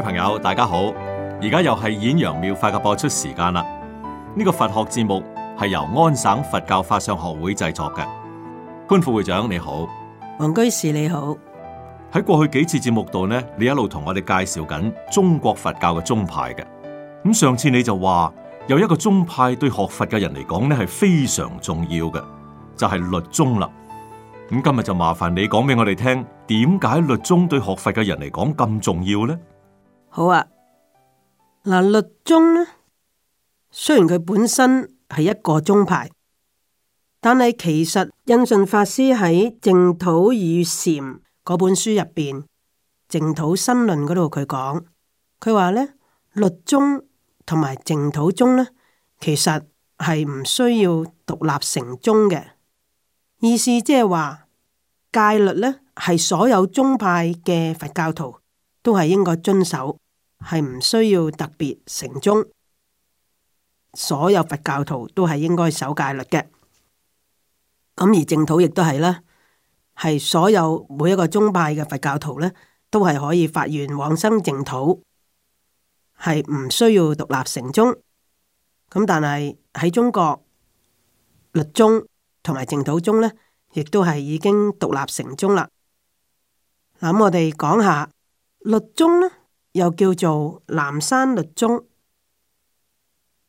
各位朋友，大家好！而家又係《演揚妙法》嘅播出時間啦。呢個佛學節目係由安省佛教法相學會製作嘅。潘副會長你好，黃居士你好。喺過去幾次節目度呢，你一路同我哋介紹緊中國佛教嘅宗派嘅。咁上次你就話有一個宗派對學佛嘅人嚟講呢係非常重要嘅，就係律宗啦。咁今日就麻煩你講俾我哋聽，點解律宗對學佛嘅人嚟講咁重要呢？好啊，嗱，律宗呢，雖然佢本身係一個宗派，但係其實印順法師喺《淨土與禪》嗰本書入邊，《淨土新論》嗰度佢講，佢話呢，律宗同埋淨土宗呢，其實係唔需要獨立成宗嘅，意思即係話戒律呢係所有宗派嘅佛教徒。都係應該遵守，係唔需要特別成宗。所有佛教徒都係應該守戒律嘅。咁而淨土亦都係啦，係所有每一個宗派嘅佛教徒呢，都係可以發願往生淨土，係唔需要獨立成宗。咁但係喺中國律宗同埋淨土宗呢，亦都係已經獨立成宗啦。咁我哋講下。律宗咧，又叫做南山律宗，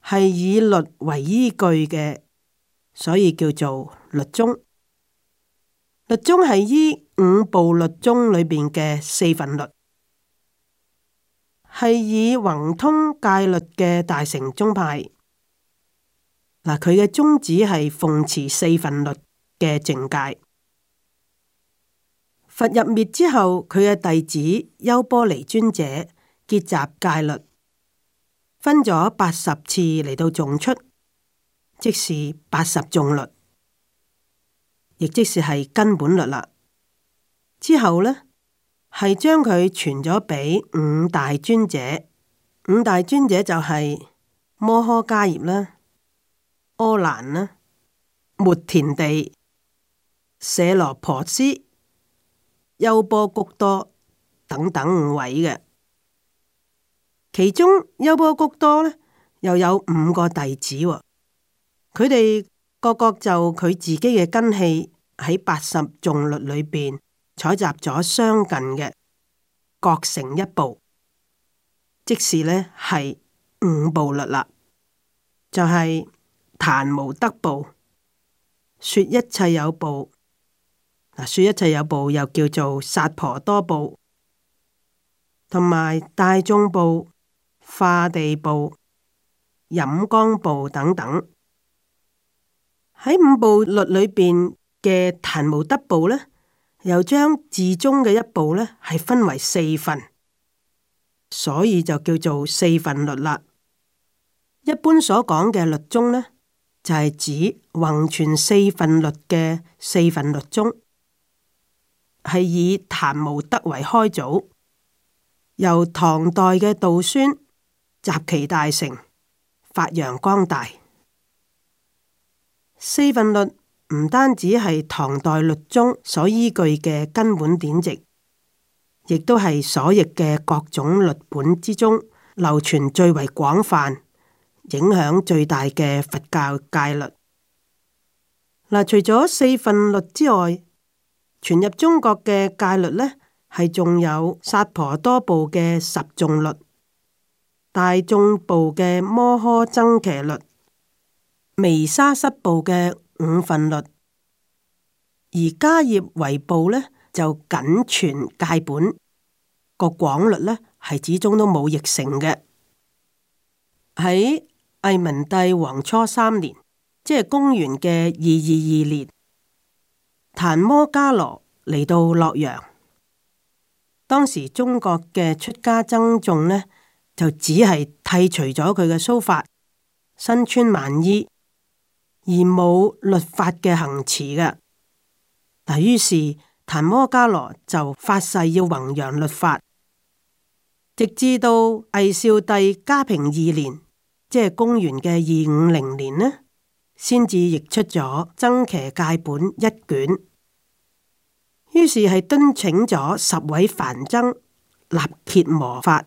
係以律為依據嘅，所以叫做律宗。律宗係依五部律宗裏邊嘅四分律，係以宏通戒律嘅大乘宗派。嗱，佢嘅宗旨係奉持四分律嘅正戒。佛入滅之後，佢嘅弟子優波離尊者結集戒律，分咗八十次嚟到誦出，即是八十誦律，亦即是係根本律啦。之後呢，係將佢傳咗畀五大尊者，五大尊者就係摩訶迦葉啦、阿難啦、末田地、舍羅婆斯。優波谷多等等五位嘅，其中優波谷多呢，又有五個弟子，哦，佢哋各各就佢自己嘅根器喺八十眾律裏邊採集咗相近嘅，各成一部，即是呢，係五部律啦，就係、是、談無得部，說一切有部，嗱，說一切有部又叫做薩婆多部，同埋大眾部、化地部、飲光部等等。喺五部律裏邊嘅檀無德部呢，又將自宗嘅一部呢係分為四份，所以就叫做四份律啦。一般所講嘅律宗呢，就係、是、指宏傳四份律嘅四份律宗。係以曇無德為開祖，由唐代嘅道宣集其大成，發揚光大。四分律唔單止係唐代律宗所依據嘅根本典籍，亦都係所譯嘅各種律本之中流傳最為廣泛、影響最大嘅佛教戒律。嗱，呃，除咗四分律之外，傳入中國嘅戒律呢，係仲有薩婆多部嘅十誦律、大眾部嘅摩訶僧祇律、彌沙塞部嘅五分律，而迦葉維部呢就僅存戒本。個廣律呢係始終都冇譯成嘅。喺魏文帝黃初三年，即係公元嘅二二二年。檀摩伽羅嚟到洛陽，當時中國嘅出家僧眾呢，就只係剃除咗佢嘅鬚髮，身穿縵衣，而冇律法嘅行持嘅。嗱，於是檀摩伽羅就發誓要弘揚律法，直至到魏少帝嘉平二年，即係公元嘅二五零年呢，先至譯出咗《僧祇戒本》一卷。於是係敦請咗十位梵僧立羯磨法，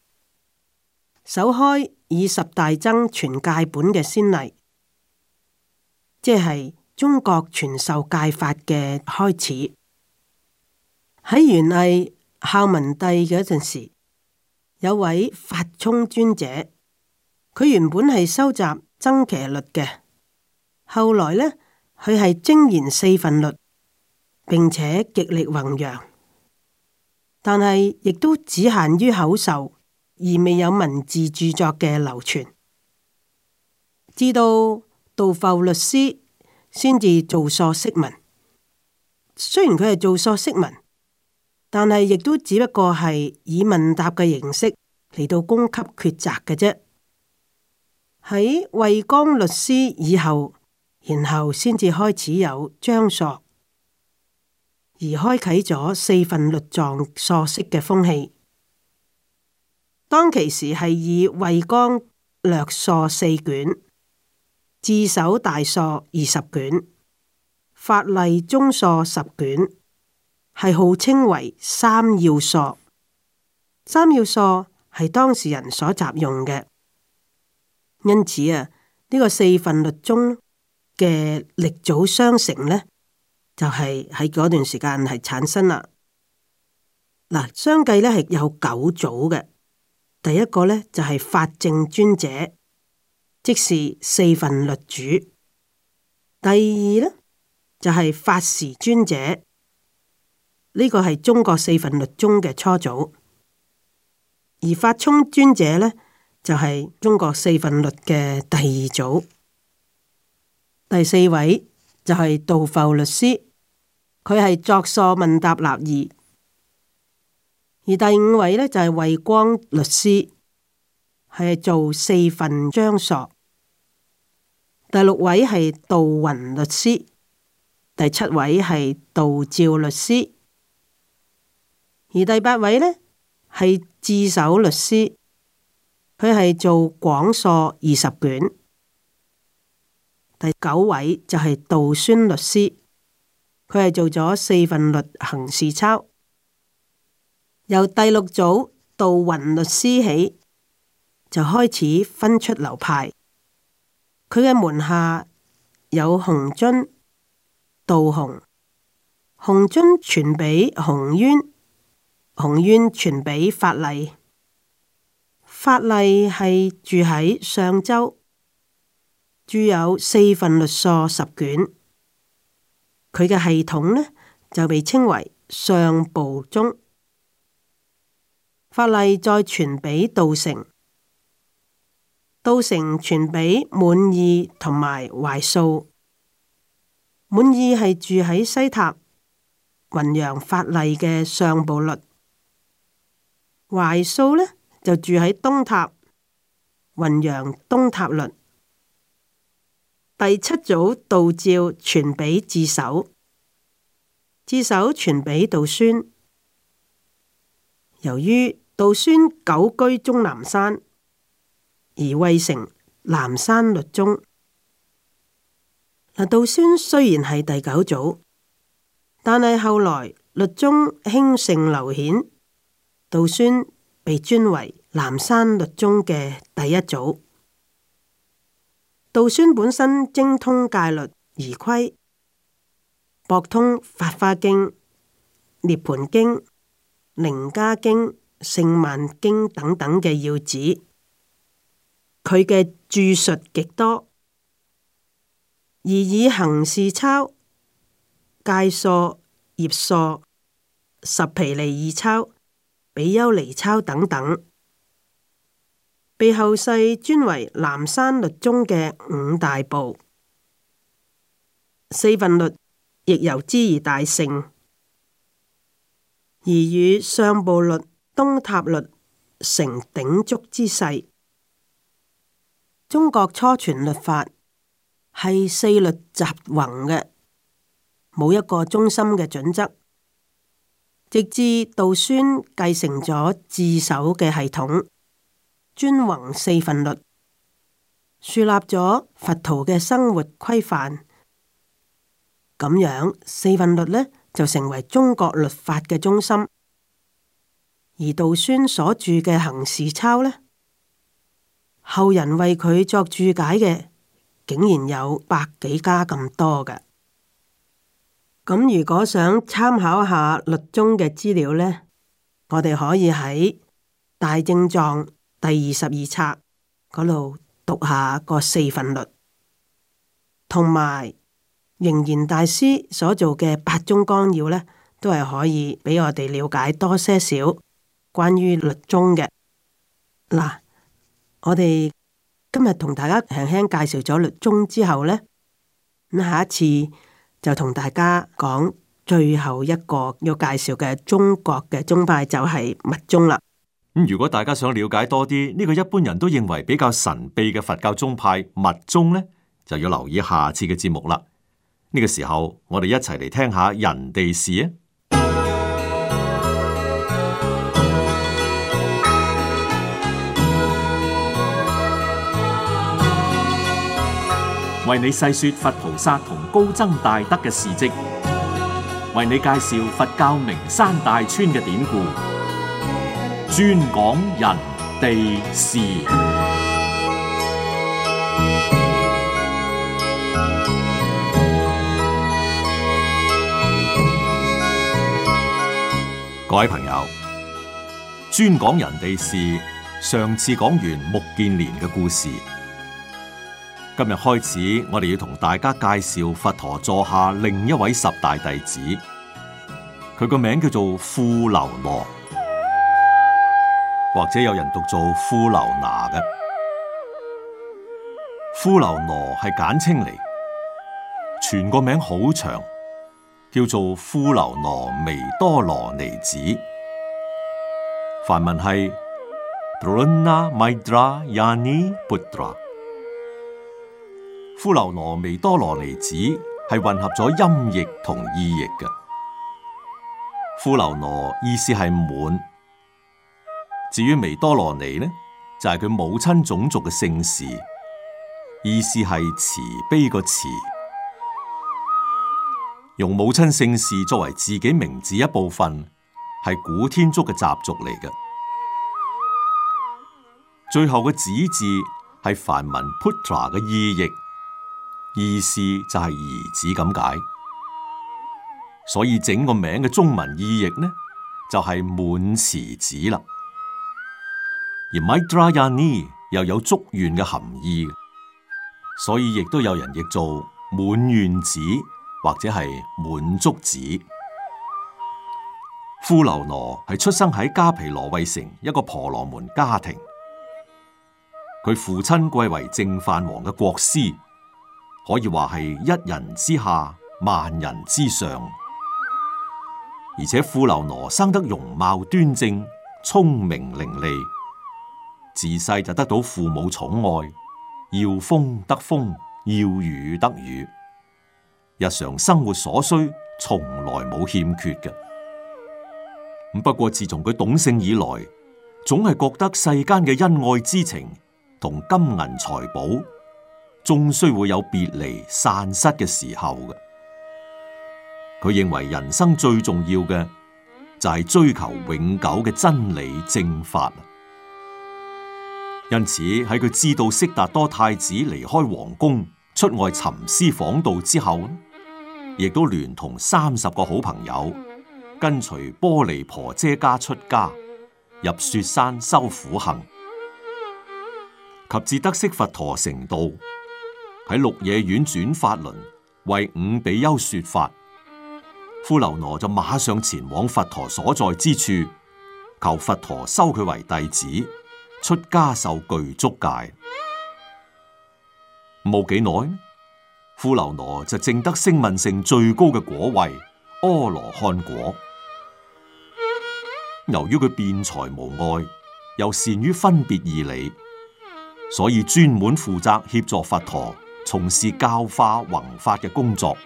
首開以十大僧傳戒本嘅先例，即係中國傳授戒法嘅開始。喺元魏孝文帝嗰陣時，有位法聰尊者，佢原本係收集僧祇律嘅，後來呢，佢係精研四分律。並且極力弘揚，但係亦都只限於口授而未有文字著作嘅流傳。至到道覆律師先至做疏釋文，雖然佢係做疏釋文，但係亦都只不過係以問答嘅形式嚟到供給抉擇嘅啫。喺慧光律師以後，然後先至開始有章疏。而開啟咗四分律藏疏釋嘅風氣。當其時係以慧光略疏四卷，智首大疏二十卷，法例中疏十卷，係號稱為三要疏。三要疏係當事人所集用嘅，因此啊，呢、這個四分律中嘅力組相承呢，就係喺嗰段時間係產生啦，嗱，相繼咧係有九祖嘅，第一個咧就係法正尊者，即是四分律主；第二咧就係、是、法時尊者，呢、這個係中國四分律宗嘅初祖；而法聰尊者咧就係、是、中國四分律嘅第二祖，第四位。就係杜浮律師，佢係作數問答立二；而第五位呢，就係、是、惠光律師，係做四份章索；第六位係杜雲律師，第七位係杜照律師；而第八位呢，係智首律師，佢係做廣索二十卷。第九位就係道宣律師，佢係做咗四分律行事鈔，由第六組道雲律師起就開始分出流派。佢嘅門下有洪遵、道洪，洪遵傳俾洪淵，洪淵傳俾法礪。法礪係住喺上州。著有四份律書十卷，佢嘅系統呢，就被稱為上部中法例，再傳俾道成，道成傳俾滿意同埋懷素。滿意係住喺西塔弘揚法例嘅上部律，懷素呢，就住喺東塔弘揚東塔律。第七祖道照傳俾智首，智首傳俾道宣。由於道宣久居終南山而未成南山律宗，嗱道宣雖然係第九祖，但係後來律宗興盛流顯，道宣被尊為南山律宗嘅第一祖。道宣本身精通戒律而規，博通《法華經》《涅槃經》《楞伽經》《勝曼經》等等嘅要旨，佢嘅著述極多，而以《行事鈔》《戒疏》《業疏》《拾毗尼義鈔》《比丘尼鈔》等等。被後世尊為南山律宗嘅五大部四分律，亦由之而大盛，而與上部律、東塔律成鼎足之勢。中國初傳律法係四律集混嘅，冇一個中心嘅準則，直至道宣繼承咗自首嘅系統。尊宏四分律，樹立咗佛徒嘅生活規範，咁樣四分律呢，就成為中國律法嘅中心。而道宣所著嘅《行事抄》呢，後人為佢作注解嘅，竟然有百幾家咁多嘅。咁如果想參考下律宗嘅資料呢，我哋可以喺《大正藏》。第二十二冊嗰度讀下個四分律，同埋仍然大師所做嘅八宗綱要呢，都係可以俾我哋了解多些少關於律宗嘅。嗱，我哋今日同大家輕輕介紹咗律宗之後呢，咁下一次就同大家講最後一個要介紹嘅中國嘅宗派就係密宗啦。咁如果大家想了解多啲呢，這個一般人都認為比較神秘嘅佛教宗派密宗呢，就要留意下次嘅節目啦。呢，這個時候我哋一齊嚟聽下人哋事啊！為你細說佛菩薩同高僧大德嘅事跡，為你介紹佛教名山大川嘅典故。專講人哋事，各位朋友，專講人哋事。上次講完目犍連嘅故事，今日開始我哋要同大家介紹佛陀座下另一位十大弟子，佢個名叫做富樓那。或者有人讀做富樓那嘅。富樓那係簡稱嚟，全個名好長，叫做富樓那彌多羅尼子，梵文係 Pūrṇa Maitrāyaṇīputra，富樓那彌多羅尼子係混合咗音譯同意譯嘅，富樓那意思係滿。至於彌多羅尼呢就係、是、佢母親種族嘅姓氏，意思係慈悲個慈，用母親姓氏作為自己名字一部分，係古天竺嘅習俗嚟嘅。最後嘅子字係梵文 putra 嘅意譯，意思就係兒子咁解。所以整個名嘅中文意譯呢，就係、是、滿慈子啦。而 Maitreya 呢又有足願嘅含義，所以亦都有人譯做滿願子或者係滿足子。富樓那係出生喺迦毗羅衛城一個婆羅門家庭，佢父親貴為淨飯王嘅國師，可以話係一人之下萬人之上。而且富樓那生得容貌端正，聰明伶俐。自細就得到父母寵愛，要風得風，要雨得雨，日常生活所需從來冇欠缺嘅。不過自從佢懂性以來，總係覺得世間嘅恩愛之情同金銀財寶，終須會有別離散失嘅時候嘅。佢認為人生最重要嘅就係追求永久嘅真理正法。因此喺佢知道悉達多太子離開皇宮出外尋師訪道之後，亦都聯同三十個好朋友跟隨波離婆遮家出家入雪山修苦行，及至得悉佛陀成道喺鹿野苑轉法輪為五比丘說法，富樓那就馬上前往佛陀所在之處求佛陀收佢為弟子。出家受具足戒，冇幾耐，富樓那就證得聲聞性最高嘅果位——阿羅漢果。由於佢辯才無礙，又善於分別義理，所以專門負責協助佛陀從事教化弘法嘅工作。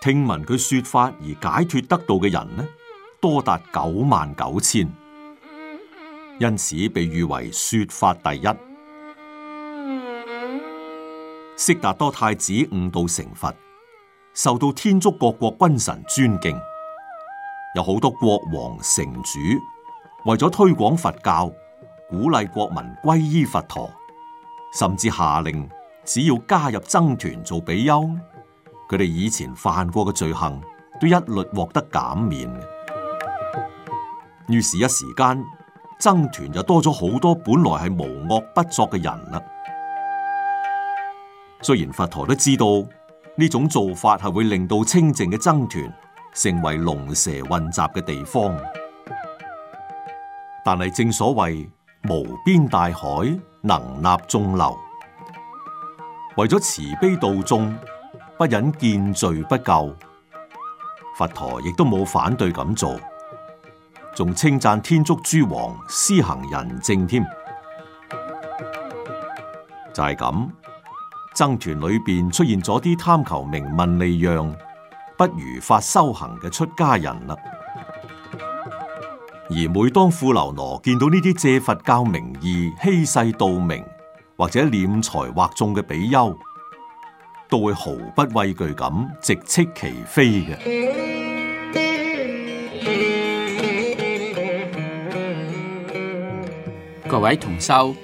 聽聞佢說法而解脫得到嘅人呢，多達九萬九千。因此被譽為說法第一。悉達多太子悟道成佛，受到天竺各國君臣尊敬。有好多國王、城主為咗推廣佛教，鼓勵國民皈依佛陀，甚至下令只要加入僧團做比丘，佢哋以前犯過嘅罪行都一律獲得減免。於是，一時間。僧團就多咗好多本來係無惡不作嘅人啦。雖然佛陀都知道呢種做法係會令到清淨嘅僧團成為龍蛇混雜嘅地方，但係正所謂無邊大海能立眾流，為咗慈悲度眾，不忍見罪不救，佛陀亦都冇反對咁做。仲稱讚天竺諸王施行仁政添，就係、是、咁。僧團裏邊出現咗啲貪求名聞利養、不如法修行嘅出家人啦。而每當富樓那見到呢啲借佛教名義欺世盜名或者斂財惑眾嘅比丘，都會毫不畏懼咁直斥其非嘅。位同修，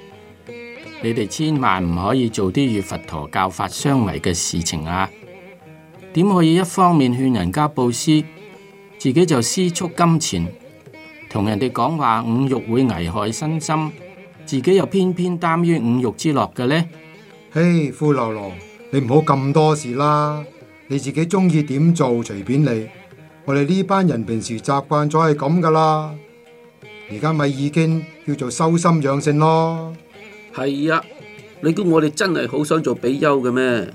你哋千萬唔可以做啲與佛陀教法相違嘅事情啊！點可以一方面勸人家布施，自己就私蓄金錢，同人哋講話五欲會危害身心，自己又偏偏耽於五欲之樂嘅呢？嘿，富樓那，你唔好咁多事啦！你自己鍾意點做，隨便你。我哋呢班人平時習慣咗係咁噶啦，而家咪已經。叫做修心養性咯，係啊！你估我哋真係好想做比丘嘅咩？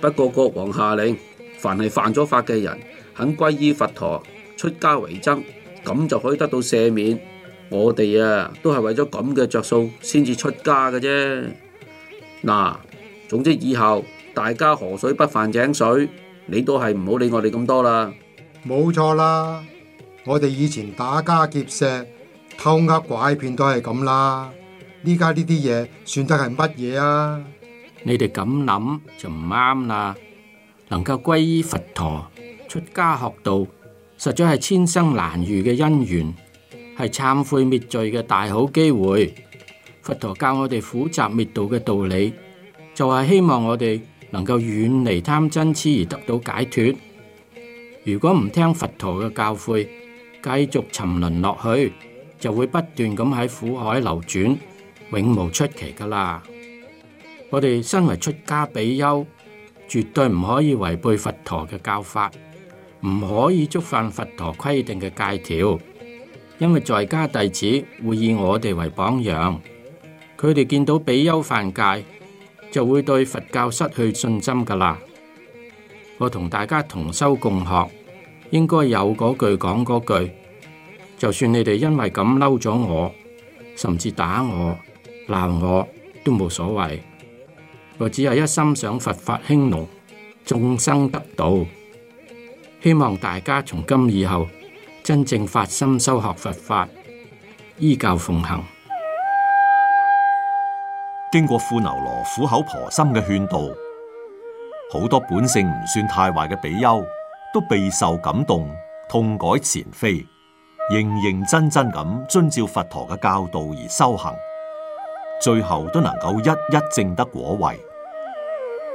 不過國王下令，凡係犯咗法嘅人，肯皈依佛陀、出家為僧，咁就可以得到赦免。我哋啊，都係為咗咁嘅着數先至出家嘅啫。嗱，總之以後大家河水不犯井水，你都係唔好理我哋咁多啦。冇錯啦，我哋以前打家劫舍。偷呃拐騙都係咁啦，呢家呢啲嘢算得係乜嘢啊？你哋咁諗就唔啱啦。能夠皈依佛陀、出家學道，實在係千生難遇嘅因緣，係懺悔滅罪嘅大好機會。佛陀教我哋苦集滅道嘅道理，就係希望我哋能夠遠離貪嗔痴而得到解脫。如果唔聽佛陀嘅教誨，繼續沉淪落去。就會不斷咁喺苦海流轉，永無出期噶啦。我哋身為出家比丘，絕對唔可以違背佛陀嘅教法，唔可以觸犯佛陀規定嘅戒條。因為在家弟子會以我哋為榜樣，佢哋見到比丘犯戒，就會對佛教失去信心噶啦。我同大家同修共學，應該有嗰句講嗰句。就算你哋因為咁嬲咗我，甚至打我、鬧我都冇所謂。我只係一心想佛法興隆，眾生得道。希望大家從今以後真正發心修學佛法，依教奉行。經過富樓那苦口婆心嘅勸導，好多本性唔算太壞嘅比丘都備受感動，痛改前非。認認真真咁遵照佛陀嘅教導而修行，最後都能夠一一證得果位。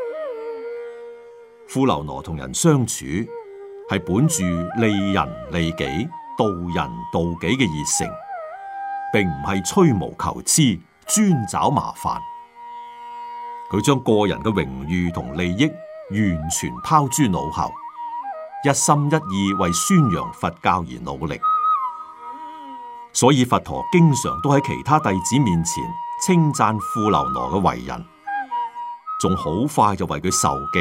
富樓那同人相處係本住利人利己、度人度己嘅熱誠，並唔係吹毛求疵、專找麻煩。佢將個人嘅榮譽同利益完全拋諸腦後，一心一意為宣揚佛教而努力。所以佛陀經常都喺其他弟子面前稱讚富樓那嘅為人，仲好快就為佢授記。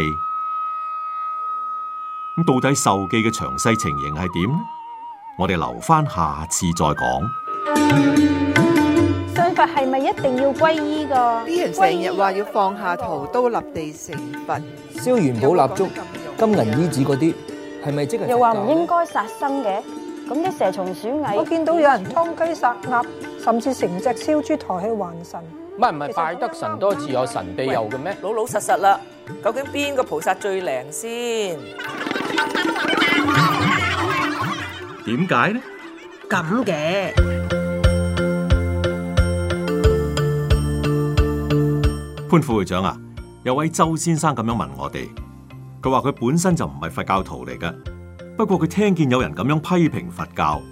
咁到底授記嘅詳細情形係點？我哋留翻下，下次再講。信佛係咪一定要皈依㗎？啲人成日話要放下屠刀立地成佛，燒元寶蠟燭、金銀衣紙嗰啲，係咪即係？又話唔應該殺生嘅？咁啲蛇蟲鼠蟻，我見到有人湯雞殺鴨，甚至成隻燒豬抬起還神。唔係唔係，拜得神多自有神庇佑嘅咩？老老實實啦，究竟邊個菩薩最靈先？點解呢？咁嘅潘副會長啊，有位周先生咁樣問我哋，佢話佢本身就唔係佛教徒嚟噶。不過佢聽見有人咁樣批評佛教，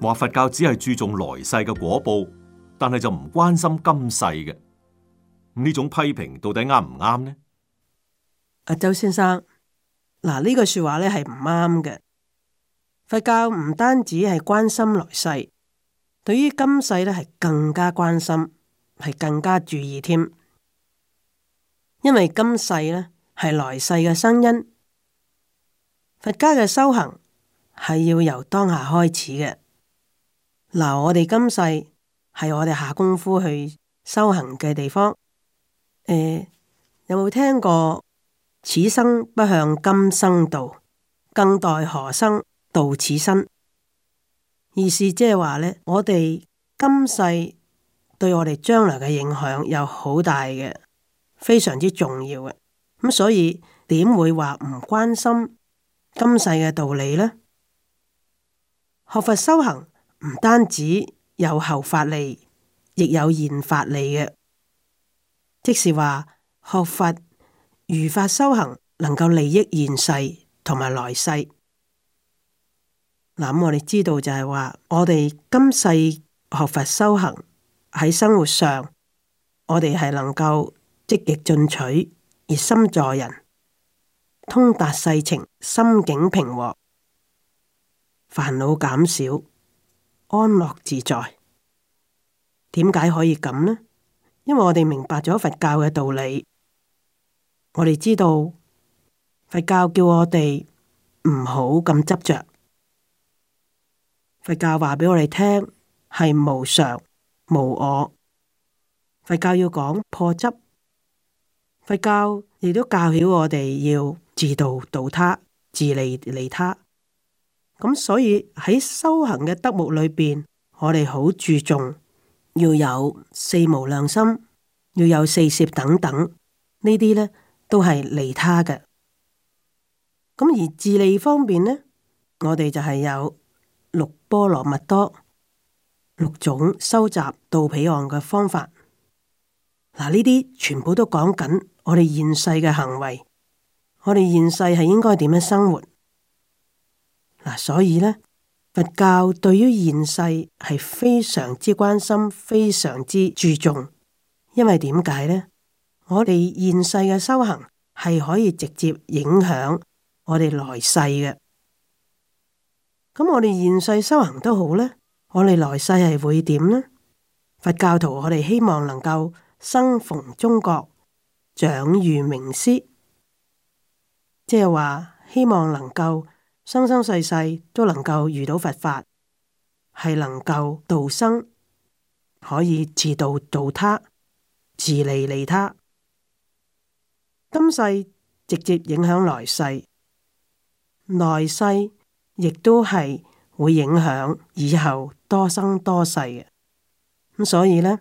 話佛教只係注重來世嘅果報，但係就唔關心今世嘅。呢種批評到底啱唔啱呢？阿周先生，嗱，呢句說話咧係唔啱嘅，佛教唔單止係關心來世，對於今世咧係更加關心，係更加注意添，因為今世咧係來世嘅生因。佛家嘅修行係要由當下開始嘅。嗱、嗯，我哋今世係我哋下功夫去修行嘅地方。誒、嗯，有冇聽過此生不向今生度，更待何生度此身？意思即係話咧，我哋今世對我哋將來嘅影響有好大嘅，非常之重要嘅。咁、嗯、所以點會話唔關心？今世嘅道理呢，學佛修行唔單止有後法利，亦有現法利嘅，即是話學佛如法修行，能夠利益現世同埋來世。嗱、嗯，咁我哋知道就係話，我哋今世學佛修行喺生活上，我哋係能夠積極進取，熱心助人。通達世情，心境平和，煩惱減少，安樂自在。點解可以咁呢？因為我哋明白咗佛教嘅道理，我哋知道佛教叫我哋唔好咁執着。佛教話畀我哋聽係無常無我，佛教要講破執，佛教亦都教曉我哋要。自度度他，自利利他，咁所以喺修行嘅德目裏邊，我哋好注重要有四無量心，要有四攝等等呢啲呢都係利他嘅。咁而自利方面呢，我哋就係有六波羅蜜多，六種收集到彼岸嘅方法。嗱，呢啲全部都講緊我哋現世嘅行為。我哋現世係應該點樣生活？嗱、啊，所以呢，佛教對於現世係非常之關心，非常之注重。因為點解呢？我哋現世嘅修行係可以直接影響我哋來世嘅。咁我哋現世修行都好呢，我哋來世係會點呢？佛教徒，我哋希望能夠生逢中國，長遇明師。即係話，希望能夠生生世世都能夠遇到佛法，係能夠度生，可以自度度他，自利利他。今世直接影響來世，來世亦都係會影響以後多生多世嘅。咁所以呢，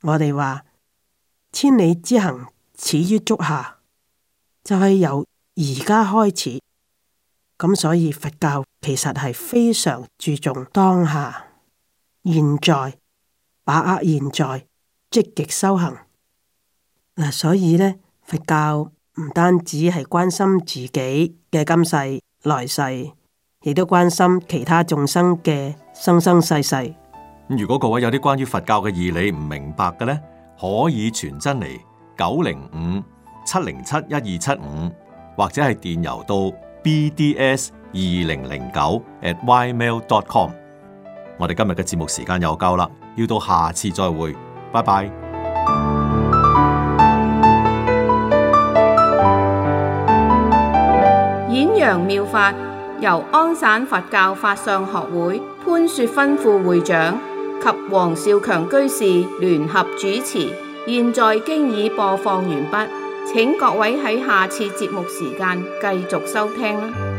我哋話千里之行，始於足下，就係由。而家開始咁，所以佛教其實係非常注重當下、現在，把握現在，積極修行嗱。所以呢，佛教唔單止係關心自己嘅今世、來世，亦都關心其他眾生嘅生生世世。如果各位有啲關於佛教嘅義理唔明白嘅呢，可以傳真嚟九零五七零七一二七五。或者係電郵到 bds 二零零九 at ymail.com。Com 我哋今日嘅節目時間又夠啦，要到下次再會，拜拜。演揚妙法由安省佛教法相學會潘雪芬副會長及黃少強居士聯合主持，現在已經已播放完畢。請各位喺下次節目時間繼續收聽啦。